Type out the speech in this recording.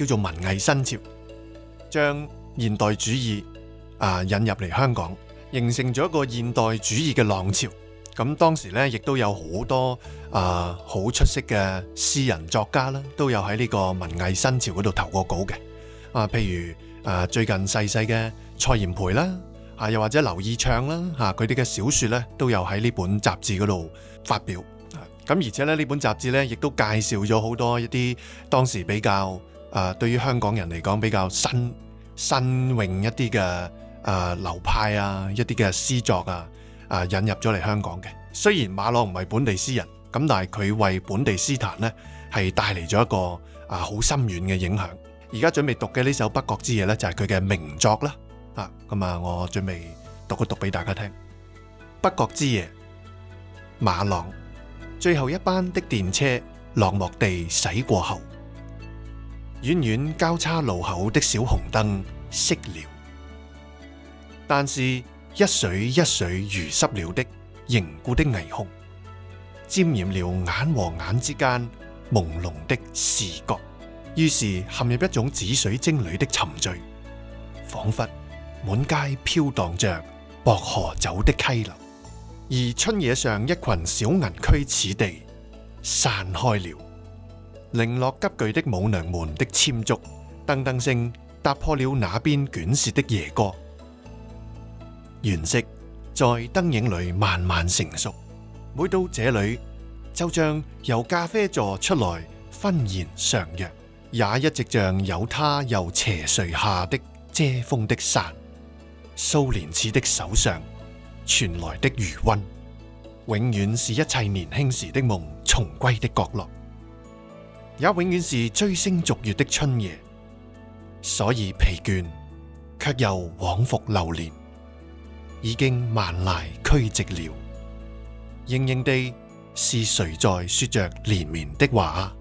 叫做文藝新潮，將現代主義啊引入嚟香港，形成咗一個現代主義嘅浪潮。咁當時咧，亦都有好多啊好、呃、出色嘅詩人作家啦，都有喺呢個文藝新潮嗰度投過稿嘅。啊，譬如啊最近細細嘅蔡炎培啦，啊又或者劉以鬯啦，啊佢哋嘅小說咧，都有喺呢本雜誌嗰度發表。咁而且咧呢本雜誌咧，亦都介紹咗好多一啲當時比較。啊、呃，對於香港人嚟講比較新新穎一啲嘅啊流派啊，一啲嘅詩作啊啊、呃、引入咗嚟香港嘅。雖然馬朗唔係本地詩人，咁但係佢為本地詩壇呢係帶嚟咗一個啊好、呃、深遠嘅影響。而家準備讀嘅呢首《北角之夜》呢，就係佢嘅名作啦。啊，咁、嗯、啊，我準備讀一讀俾大家聽。《北角之夜》，馬朗，最後一班的電車落寞地駛過後。遠遠交叉路口的小紅燈熄了，但是一水一水如濕了的凝固的霓虹，沾染了眼和眼之間朦朧的視覺，於是陷入一種紫水晶裏的沉醉，仿佛滿街飄蕩着薄荷酒的溪流，而春野上一群小銀駒此地散開了。零落急遽的舞娘們的簽燭，噔噔聲打破了那邊捲舌的夜歌。顏色在燈影裏慢慢成熟，每到這裏，就像由咖啡座出來，紛然上揚，也一直像有他又斜垂下的遮風的傘。蘇蓮子的手上傳來的餘溫，永遠是一切年輕時的夢，重歸的角落。也永遠是追星逐月的春夜，所以疲倦，卻又往復流連，已經萬籟俱寂了。盈盈地是誰在說着連綿的話？